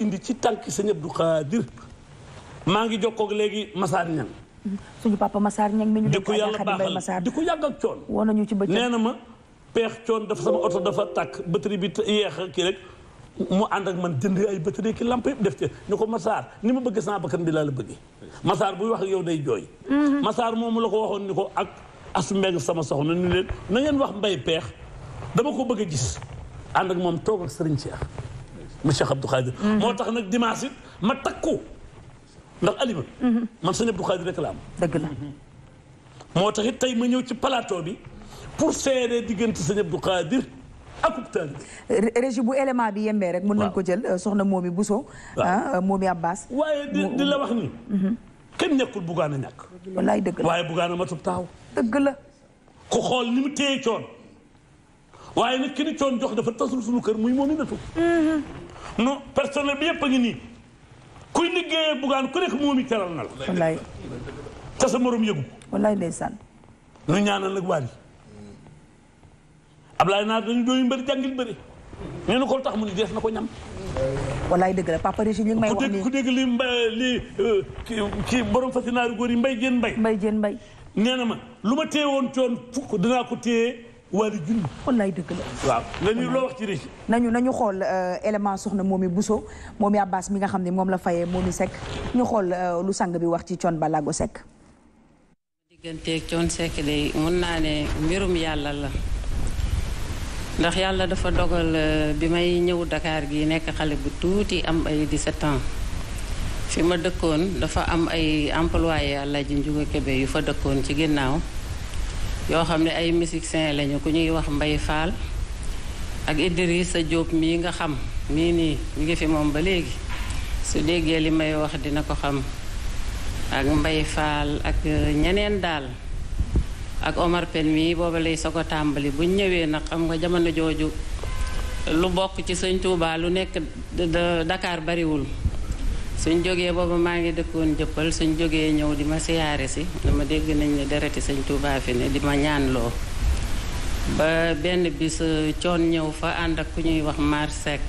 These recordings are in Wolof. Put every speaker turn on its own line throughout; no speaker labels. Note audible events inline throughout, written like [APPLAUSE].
indi ci tànki sëñ Abdou Khadir maa ngi jokkoog léegi Massar Niang
suñu papa Massar Niang mi ñu di ko yàlla baaxal
di ko yàgg ak coon
woon nañu ci bëccëg nee
na ma peex coon dafa sama oto dafa takk batterie bi yeex kii rek mu ànd ak man jënd ay batterie ki lamp yëpp def ci ñu ko Massar ni ma bëgg sama bakkan bi laa la bëggee Massar buy wax yow day jooy mhm. Massar moomu la ko waxoon ni ko ak as mbeng sama soxna ni leen na wax mbay peex dama ko bëgg a gis ànd ak moom toog ak sëriñ Cheikh mu Cheikh Abdou moo tax nag dimanche it ma takku ndax alima man sëñ Abdou Khadir rek la am. dëgg la. moo tax it tey ma ñëw ci plateau bi pour seeree diggante sëñ Abdou Khadir
ak taalibe bi. régie bu élément bi yembee rek. mën nañ ko jël soxna Momi Bousso.
waaw ah, Momi Abbas. waaye di di la wax ni. Mm-hmm. kenn nekkul bugaana ñàkk. wallaay dëgg la waaye bugaana matub taaw. dëgg la. ku xool ni mu téye coon waaye nag ki ni coon jox dafa tasul suñu kër muy moom i natu. Mm-hmm. non personnel bi yëpp a ngi nii kuy liggéeyee bugaan ku nekk moom i na la. wallaay te sa morom yëgu. wallaay ndeysaan. nu ñaanal nag waa ji Ablaye naa dañu doon mbëri jàngil bëri nee na ko tax mu ni def na ko ñam.
wallaay dëgg la papa Régis ñu ngi may wax nii ku
dégg li mbay li euh, kii borom fasinaaru góor yi mbay jën mbay. mbay jën mbay. nee na ma lu ma téye woon coon fukk dinaa ko téye. wala junni. wallaay dëgg la. waaw léegi loo wax ci riche. nañu
nañu xool euh, élément soxna Momi Bousso Momi Abbas mi nga xam ni moom la fayee Momi sekk ñu xool euh, lu sang bi wax ci Thione Ballago sekk
digganteeg Thione Seck de mun naa ne mbirum yàlla la ndax yàlla dafa dogal euh, bi may ñëw dakaar gi nekk xale bu tuuti am ay 17 ans fi ma dëkkoon dafa am ay employé ji Njuga Kebe yu fa dëkkoon ci ginnaaw. yoo xam ne ay musiciens lañu ku ñuy wax mbay Fall ak sa Diop mii nga xam mii nii ñu ngi fi moom ba léegi su déggee li may wax dina ko xam ak mbay Fall ak ñeneen daal ak Omar Pen mii booba lay soog a tàmbali bu ñëwee nag xam nga jamono jooju lu bokk ci sëñ Touba lu nekk dakaar bariwul suñ jógee boobu maa ngi dëkkoon jëppal suñ jógee ñëw di ma siyaare si dama dégg nañ ne dereti sañ Tuubaa fi ne di ma ñaanloo ba benn bis euh, coon ñëw fa ànd ak ku ñuy wax marsek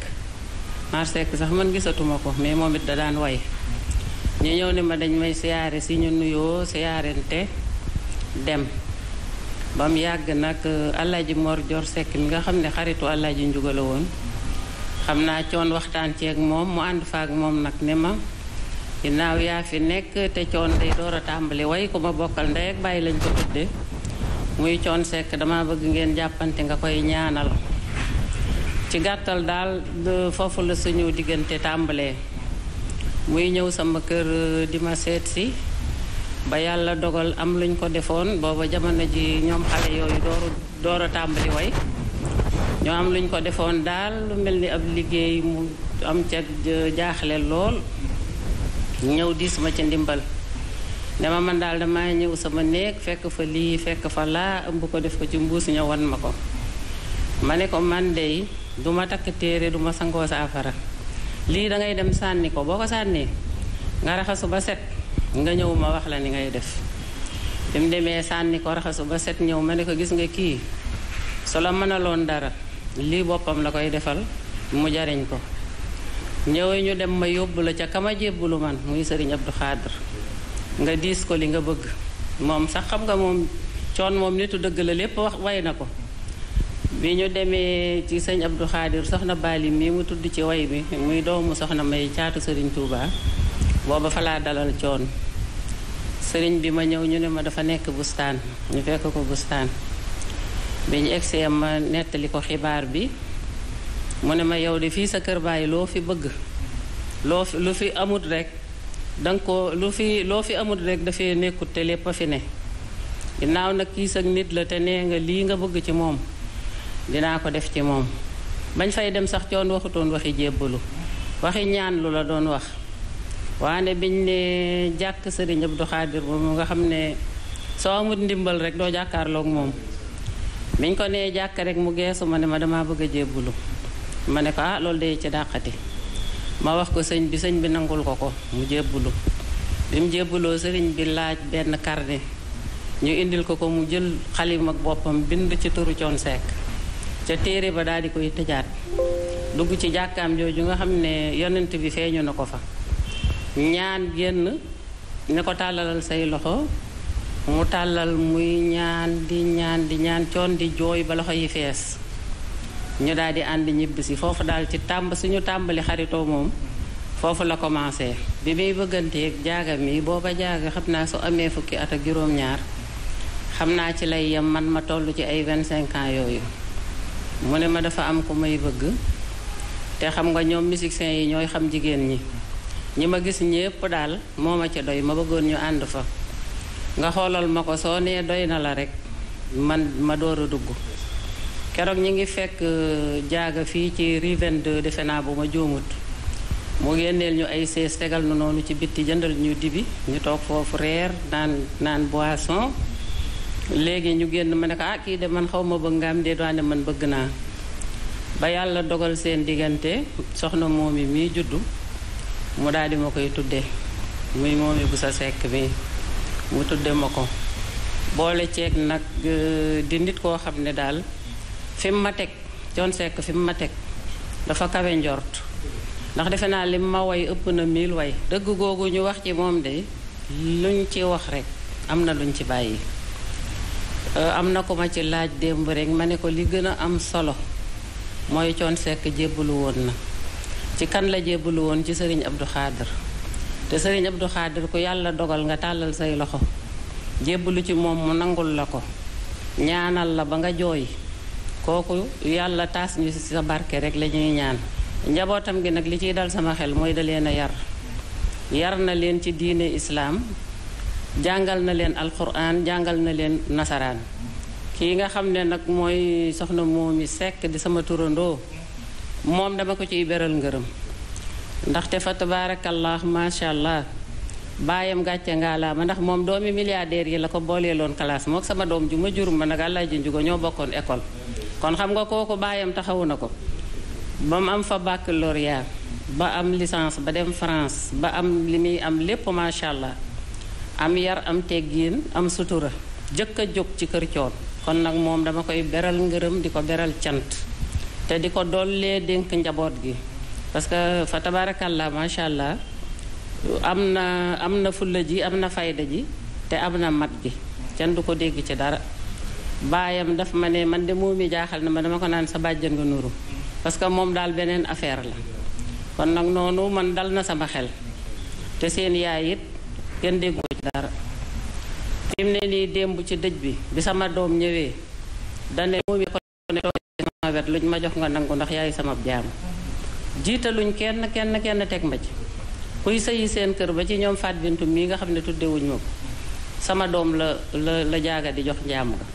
Seck sax man gisatuma ko mais moom it da daan woy ñu ñëw ne ma dañ may siyaare si ñu nuyoo siyaarente dem ba mu yàgg nag euh, Alaaji Mor Jor Seck mi nga xam ne xaritu Alaaji ji la woon xam naa coon waxtaan ceeg moom mu ànd faak moom nag ne ma ginnaaw yaa fi nekk te coon day door a tàmbali way ku ma bokkal ndey ak bàyyi lañ ko tudde muy coon sekk dama bëgg ngeen jàppante nga koy ñaanal ci gàttal daal foofu la suñu diggante tàmbalee muy ñëw sama kër euh, di ma seet si ba yàlla dogal am luñ ko defoon booba jamono ji ñoom xale yooyu dooru tàmbali woy ñoo am luñ ko defoon daal lu mel ni ab liggéey mu am ca jaaxle lool ñëw diis ma ci ndimbal dama man daal damaa ñëw sama néeg fekk fa lii fekk fa laa ëmb ko def ko ci mbuus ñëw wan ma ko ma ne ko man dey du ma takk téere du ma sangoo saafara lii da ngay dem sànni ko boo ko sànnee nga raxasu ba set nga ñëw ma wax la ni ngay def bi mu demee sànni ko raxasu ba set ñëw ma ne ko gis nga kii su la mënaloon dara lii boppam la koy defal mu jariñ ko ñëwee ñu dem ma yóbbu la ca kama jébbalu man muy sëriñ Abdou Khadr nga diis ko li nga bëgg moom sax xam nga moom coon moom nitu dëgg la lépp wax way na ko bi ñu demee ci sëñ Abdou Khadr soxna Bali mii mu tudd ci way bi muy doomu soxna may caatu sëriñ Touba booba fa laa dalal coon sëriñ bi ma ñëw ñu ne ma dafa nekk bustaan ñu fekk ko bustaan bi ñu egsee ma nettali ko xibaar bi mu ne ma yow de fii sa kër bàyyi loo fi bëgg loo fi lu fi amut rek danga ko lu fi loo fi amut rek dafay nekkut te lépp a fi ne ginnaaw nag kiis ak nit la te nee nga lii nga bëgg ci moom dinaa ko def ci moom bañ fay dem sax coon waxutoon waxi jébbalu waxi ñaan lu la doon wax waane biñ ne jàkk sëriñ Abdou Khadir moom nga xam ne soo amut ndimbal rek doo jàkkaarlook moom biñ ko ne jàkk rek mu geesu ma ne ma damaa bëgg a jébbulu ma ne ko ah loolu de ci dàqati ma wax ko sëñ bi sëñ bi nangul ko ko mu jébbulu bi mu jébbuloo sëriñ bi laaj benn carnet ñu indil ko ko mu jël xalima ak boppam bind ci turu coon seek ca téere ba daal di koy tëjaat dugg ci jàkkaam jooju nga xam ne yonent bi feeñu na ko fa ñaan génn ne ko tàllalal say loxo mu tàllal muy ñaan di ñaan di ñaan coon di jooy ba loxo yi fees ñu daal di ànd ñibbisi foofu daal ci tàmb suñu tàmbali xaritoo moom foofu la commencé bi muy bëgganteeg jaaga mi booba jaaga xam naa su amee fukki at ak juróom-ñaar xam naa ci lay yem man ma toll ci ay vingt 25 ans yooyu mu ne ma dafa am ku may bëgg te xam nga ñoom musiciens yi ñooy xam jigéen ñi ñi ma gis ñépp daal moo ma ca doy ma bëggoon ñu ànd fa nga xoolal ma ko soo nee doy na la rek man ma door a dugg keroog ñi ngi fekk euh, jaaga fii ci rue defe naa bu ma juumut mu génneel ñu ay sees tegal na noonu ci bitti jëndal ñu dibi ñu toog foofu reer naan naan boisson léegi ñu génn ma ne ah kii de man xaw ma bëgg nga am de doone man bëgg naa ba yàlla dogal seen diggante soxna moomi mii juddu mu daal di ma koy tuddee muy moomi bu sa sekk mi mu tudde ma ko boole ceeg nag euh, di nit koo xam ne daal fi ma teg Thione sekk fim ma teg dafa kawe njort ndax defe naa lim ma way ëpp na mil way dëgg googu ñu wax ci moom de luñ ci wax rek am na luñ ci bàyyi euh, am na ko ma ci laaj démb rekk ma ne ko li gën a am solo mooy Thione Seck jébbalu woon na ci kan la jébbalu woon ci sëriñ Abdou Khader te sëriñ Abdou Khadir ku yàlla dogal nga tàllal say loxo jébb lu ci moom mu nangul la ko ñaanal la ba nga jooy kooku yàlla taas ñu ci sa barke rek la ñuy ñaan njabootam gi nag li ciy dal sama xel mooy da leen a yar yar na leen ci diine islaam jàngal na leen alquran jàngal na leen nasaraan kii nga xam ne nag mooy soxna Momy sekk di sama turandoo moom dama ko ciy beral ngërëm ndaxte fa tabaarakallah macha allah baayam gàcce ngaa ma ndax moom doomi milliardaire yi la ko booleeloon classe mook sama doom ju ma jur ma nag àllaa ji njugo ñoo bokkoon école kon xam nga kooku baayam taxawu na ko ba mu am fa baccalauréat ba am licence ba dem France ba am li muy am lépp macha allah am yar am teggiin am sutura jëkk a jóg ci kër coon kon nag moom dama koy beral ngërëm di ko beral cant te di ko dollee dénk njaboot gi parce que fa tabaarakàllaa macha allah am na am na fulla ji am na fayda ji te am na mat gi kenn du ko dégg ci dara baayam daf ma ne man de moomi jaaxal na ma dama ko naan sa bàjjan nga nuru parce que moom daal beneen affaire la kon nag noonu man dal na sama xel te seen yaay it kenn déggoo ci dara fi mu ne nii démb ci dëj bi bi sama doom ñëwee dane moomi ko ne sama wet lu ñu ma jox nga nangu ndax yaayu sama jaam jiitaluñ kenn kenn kenn teg ma ci kuy sëyi seen kër ba ci ñoom faat bintu mii nga xam ne tuddewuñ ma ko sama doom la la la jaaga di jox njaam ga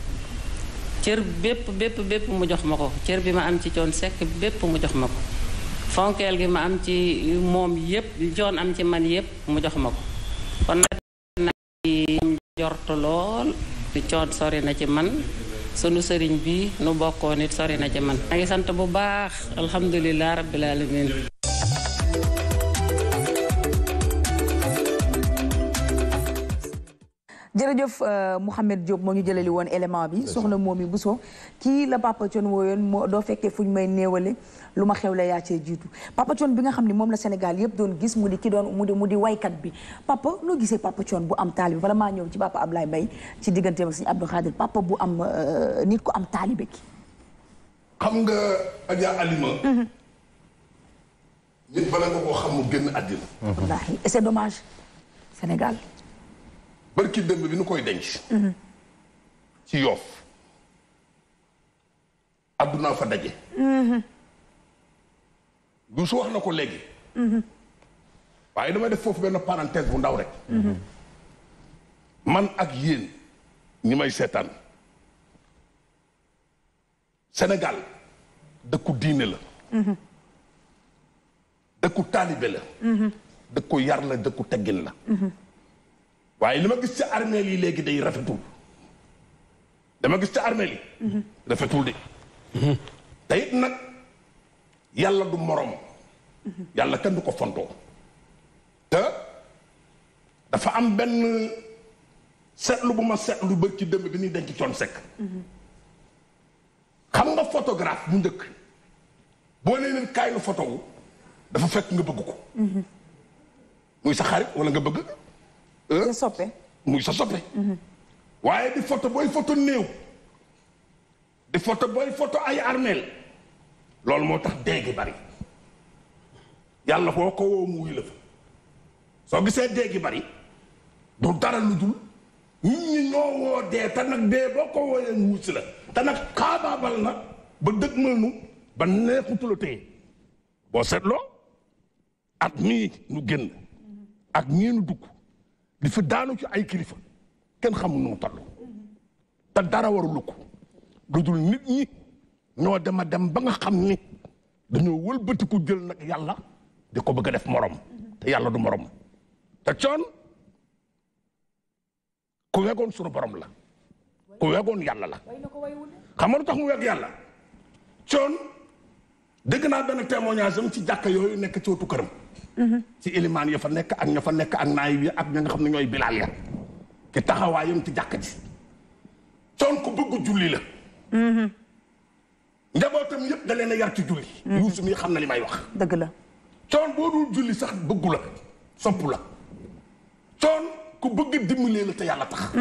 cër bépp bépp bépp mu jox ma ko cër bi ma am ci coon sekk bépp mu jox ma ko fonkeel gi ma am ci moom yépp coon am ci man yépp mu jox ma ko kon nag naa ci lool coon sori na ci man sunu sëriñ bi nu bokkoon it sori na jaman man. sant bu baax alhamdulilah rabbil alamin jërëjëf
euh, Mouhamed Diop moo ñu jëlali woon élément bi soxla moom yi Bousso kii la Papa Thione wooyoon doo fekkee fu ñu may néewale lu ma xew la yaa cee jiitu Papa Thione bi nga xam ne moom la Sénégal yëpp doon gis mu di ki doon mu di mu di waykat bi papa loo gisee Papa Thione bu am taalibe wala maa ñëw ci Papa Ablaye
Mbaye ci
digganteem ak Sëñ Abdou Khadir bu am euh, nit ku am taalibe ki
xam nga Adja Alima mhm. nit bala nga koo xam mu génn àddina
wallaahi c'est dommage Sénégal
barki démb bi nu koy denc. Mhm. ci yoof àdduna fa daje. du mhm. su wax na ko léegi. Mhm. waaye damay def foofu benn parenthèse bu ndaw rek. man ak yéen ñi may seetaan Sénégal dëkku diine la. dëkku taalibe la. dëkku yar la dëkku teggin la. waaye li ma gis ci armeel yi léegi day rafetul dama gis ci armeel yi rafetul de te nag yàlla du moroom yàlla kenn du ko fontoo te dafa am benn seetlu bu ma lu bër ci dëmb bi ñuy denc coon sekk xam nga photographe bu njëkk boo nee leen kaay lu photo dafa fekk nga bëgg ko mhm. muy sa xarit wala nga bëgg sa muy sa soppe mm-hmm. waaye di photo booy photo néew di photo booy photo ay armeel loolu moo tax déegi bari yàlla boo ko woo la fa soo gisee déegi bari du dara lu dul nit ñi ñoo woo dee te nag dee boo ko wooyee mu la te nag xaabaabal na ba dëgmal nu ba neexutu la téye boo seetloo at mii nu génn ak ñii dugg dafa daanu ci ay kilifa kenn xamul nu mu dara warulu ko lu dul nit ñi ñoo dema dem ba nga xam ni dañoo wëlbatiku jël nag yàlla di ko bëgg a def morom te yàlla du morom te coon ku wegoon sunu borom la ku wegoon yàlla la xam tax mu weg yàlla coon dëgg naa benn témoignage am ci jàkka yooyu nekk ci wetu këram. Mhm. ci ilimaan ya fa nekk ak ña fa nekk ak naayib ya ak ña nga xam ne ñooy bilaal ya ci taxawaayam ci jàkka ji. coon ku bëgg julli la. Mhm. njabootam yëpp da leen yar ci julli. Mhm. yuusu mi xam na li may wax. dëgg la coon boo dul julli sax bëggu la soppu la. coon ku bëgg dimbalee la te yàlla tax.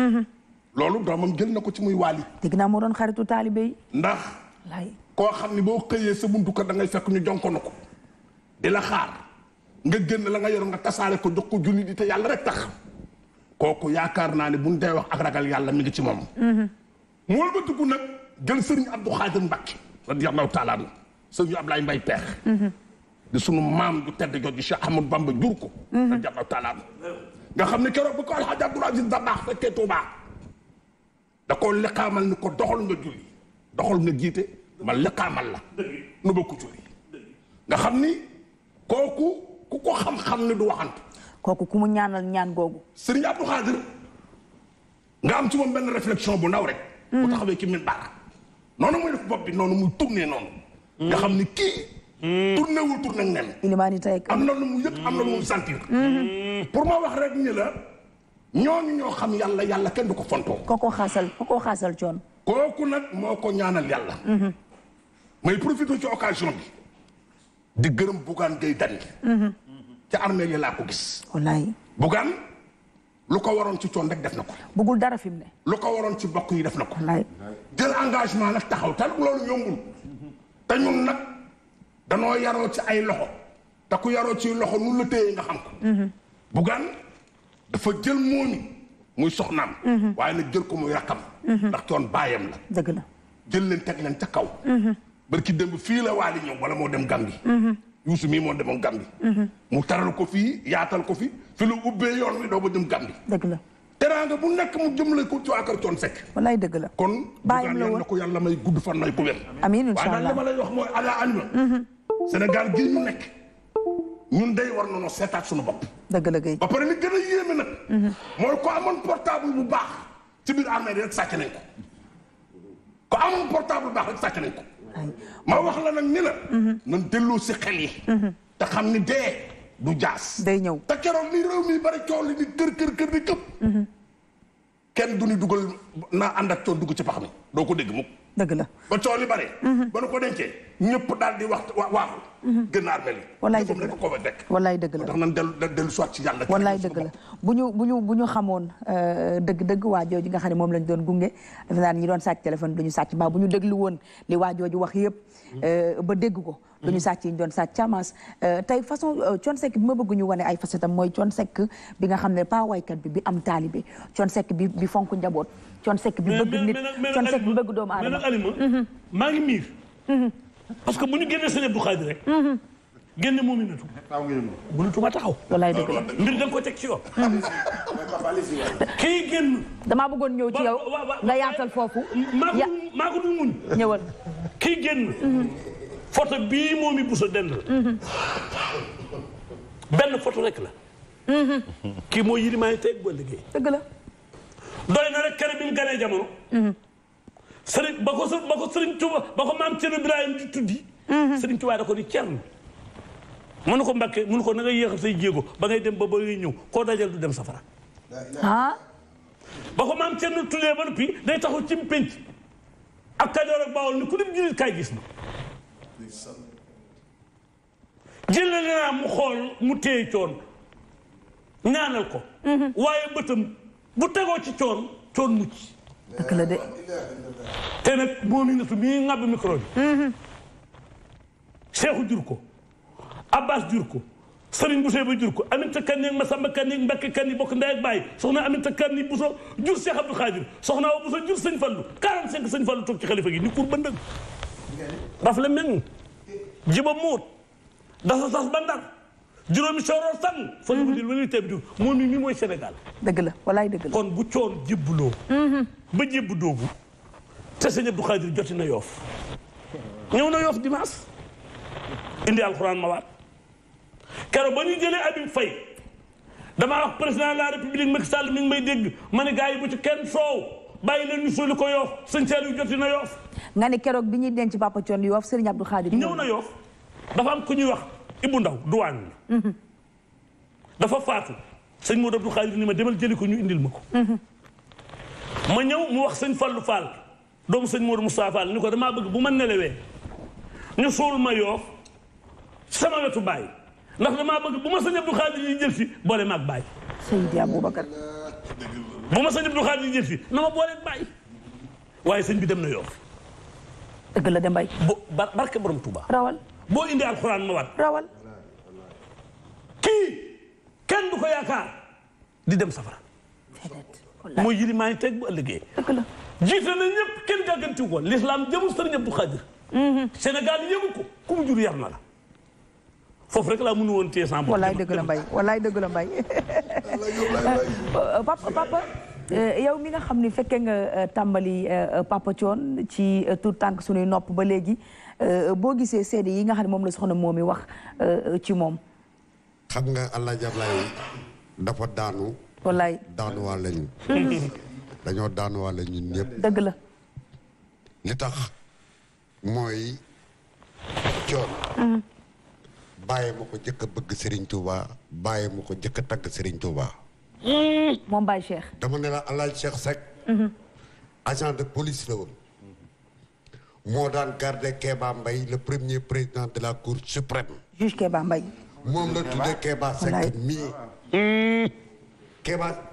loolu doomam jël na ko ci muy waali.
dëgg naa moo doon xaritu taalibe yi.
ndax. koo xam ni boo xëyee sa buntu kër dangay ngay fekk ñu jonkono ko di la xaar nga génn la nga yoroon nga tasaare ko jox ko julli di te yàlla rek tax kooku yaakaar naa ne buñ dee wax ak ragal yàlla mi ngi ci moom mool ba dugg nag jël sëriñ Abdou Khadir Mbacke radiyallahu taala anhu sëriñ Ablaye Mbaye Peex mm-hmm. di sunu maam du tedd jooju Cheikh Ahmadou Bamba jur ko mm-hmm. radiyallahu nga xam ne keroog bu ko Alhaji Abdoul Aziz Dabakh fekkee Tuubaa da koo liqaamal ni ko doxal nga julli doxal nga jiite man lëkkaamal la nu bokku jur yi nga xam ni kooku ku ko xam-xam ni du waxantu
kooku ku mu ñaanal ñaan googu
sëriñ Abdou Khadir nga am ci moom benn réflexion bu ndaw rek mm. bu taxawee ci min baara bi noonu muy tourné noonu mm. nga xam ni kii mm. tourné wul tourné nen ilimaani tey am na mu yëg am na lu mu sentir mm-hmm. Mm-hmm. pour ma wax rek ni ñooñu ñoo xam yàlla yàlla kenn du ko fontoo ko ko xaasal ko ko coon kooku nag moo ko ñaanal yàlla mm-hmm. may profité ci occasion bi di gërëm Bougane Gueye Dany ca armée li laa ko gis wallaay lu ko waroon ci coon rek def na ko bëggul dara fi mu ne lu ko waroon ci bokk yi def na ko jël engagement nag taxaw te loolu yombul ta ñun nag danoo yaroo ci ay loxo te ku yaroo ci loxo nun la téye nga xam ko mhm. Bougane dafa jël moomi muy soxnaam mhm. waaye nag jël ko muy rakkam mhm. ndax coon baayam la dëgg la jël leen teg leen ca kaw barki démb fii la waali ñëw wala moo dem Gambie. Youssou mii moo demoon Gambie. mu taral ko fii yaatal ko fi fi la ubbee yoon wi doo ba jëm Gambie. dëgg la teraanga bu nekk mu jëmale ko ci waa kër Thione Seck. wallaay dëgg la kon. bàyyi la ma lay wax mooy ala anima. Sénégal gii ñu nekk ñun day war nañoo seetaat suñu bopp. dëgg gën a yéeme nag. mooy ko amoon portable bu baax ci biir armée rek sàcc nañ ko ko amoon portable bu baax rek sàcc nañ ko ma wax la nag ni la. Mhm. nan delloo si xel yi. Mhm. te xam ni dee du jaas. day ñëw te keroog ni réew mi bari coow li kër kër kër di këpp. Mhm. kenn du ni dugal naa ànd ak coow dugg ci pax mi doo ko dégg mukk. dëgg la ba coow li bari. ba nu ko dencee. ñëpp daal di wax waaxu. Mhm. gën a armel. wallaay dëgg la ko
wallaay dëgg la ndax
nan dellu dellu soit ci yàlla.
wallaay dëgg bu ñu bu ñu bu ñu xamoon euh, dëgg-dëgg waa jooju nga xam ne moom lañ doon gunge defe naa ñi doon sàcc téléphone duñu sàcc ba bu ñu déglu woon li waa wax yëpp. Mhm. Euh, ba dégg ko. duñu mhm. sàcc yi ñu doon sàcc camas euh, tey façon Thione Seck bi ma bëgg wane ay facette tam mooy Thione Seck bi nga xam ne pas waykat bi bi am taalibe Thione Seck bi bi fonk
njaboot Thione Seck bi bëgg nit Thione doomu aadama maa ngi miir parce que bu ñu génnee sëñ Abdou Khadir rek. Mhm. génne moom i natu. mënatuma taxaw. walaay dëgg la mbir da nga ko teg ci [LAUGHS] kii génn. damaa bëggoon ñëw ci yow. yaatal foofu. ya maa ko dul muñ. ñëwal. kii génn. Mhm. photo bii moom i busa dend la. Mhm. benn photo rek la. kii moo yilimaay teg boo liggéey. dëgg la. doy na rek kër bi ganee jamono. sëriñ ba ko ba ko sëriñ Tuuba ba ko maam Cerno Birahim di tuddi mhm. sëriñ Tuuba da ko di Cerno mënu ko Mbàkke mënu ko na nga yéexal say jéego ba ngay dem ba ba ngay ñëw koo dajal du dem safara ah ba ko maam Cerno tuddee ba noppi day taxu ci pénc ak Kajoor ak Bawol ni ku nit jullit kaay gis ma jël naa mu xool mu téye coon ñaanal ko mhm. waaye bëtam bu tegoo ci coon coon mucc dëgg la de. te nag Mominatou mii ŋàbb micro bi. Cheikhou mhm. jur ko Abbas jur ko Serigne Bousso ba jur ko Aminata Kane ak Massamba Kane ak Mbacke Kane bokk ndey ak baay soxna Aminata Kane Bousso jur Cheikh Abdou Khadir soxna wa Bousso jur Sëñ Fallu 45 Sëñ Fallu toog ci xalifa gi ni kur bëndëg. raf la mel ni jiba muut sas ba juróomi sooroor fan. fa mu di lu teeb di mooy Sénégal. dëgg la walaay dëgg kon bu coon jibbuloo. Mm-hmm. ba jibbu doogu. te sëñ Abdou Khadir joti na yoof ñëw na yoof dimaas indi alxuraan ma waat. keroog ba ñu jëlee Habib Faye damaa wax président de la république Macky Sall mi ngi may dégg ma ne gaa yi bu ci kenn soow bàyyi leen ñu suuli ko yoof sëñ Saliou joti na yoof
nga ne keroog bi ñuy denc Papa Thion yoof sëriñ Abdou Khadir. ñëw na
yoof dafa am ku ñuy wax. Ibou Ndaw duwaan la dafa faatu sëñ Modou Abdou Khadre ni ma demal jëli ko ñu indil ma ko ma ñëw mu wax sëñ Fallou Fall doomu sëñ Modou Moustapha Fall ni ko damaa bëgg bu ma nelewee ñu suul ma yoof sama wetu ma sëñ Abdou Khadre yi jël boole ma baay Seydi Aboubacar bu ma sëñ Abdou Khadre yi jël na ma boole baay waaye sëñ bi dem na yoof dëgg la dem bay barke borom Touba boo indi alxuraan ma wat rawal kii kenn du ko yaakaar di dem safara mooy yili maa ngi teg bu ëllëgee jiite na ñëpp kenn gàggantiw ko l'islam jëmul sëriñ Abdou Khadir mhm. Sénégal yëgu ko ku jur yar na la foofu rek laa mënu woon téye sans wallaay dëgg la mbay wallaay dëgg la mbay
[LAUGHS] papa papa euh, mi nga xam ni fekkee nga euh, tàmbali euh, papa Thione ci tout tànk suñuy nopp ba léegi Euh, boo gisee seede yi nga xam ne moom la soxna moom yi wax euh, ci moom.
xam nga allah jablaay dafa daanu. wallaay daanuwaale ñu. dañoo daanuwaale ñun ñëpp. dëgg la. li tax mooy
coon. Mm.
bàyyi ma ko jëkk bëgg Serigne Touba bàyyi ma ko jëkk a tagg Serigne moom Baye Cheikh. dama ne la El Hadj mm-hmm. agent de police la woon. moo daan garde Kéba Mbaye le premier président de la cour suprême. juge Kéba Mbaye. moom la tudde Kéba Seck
mii. Kéba.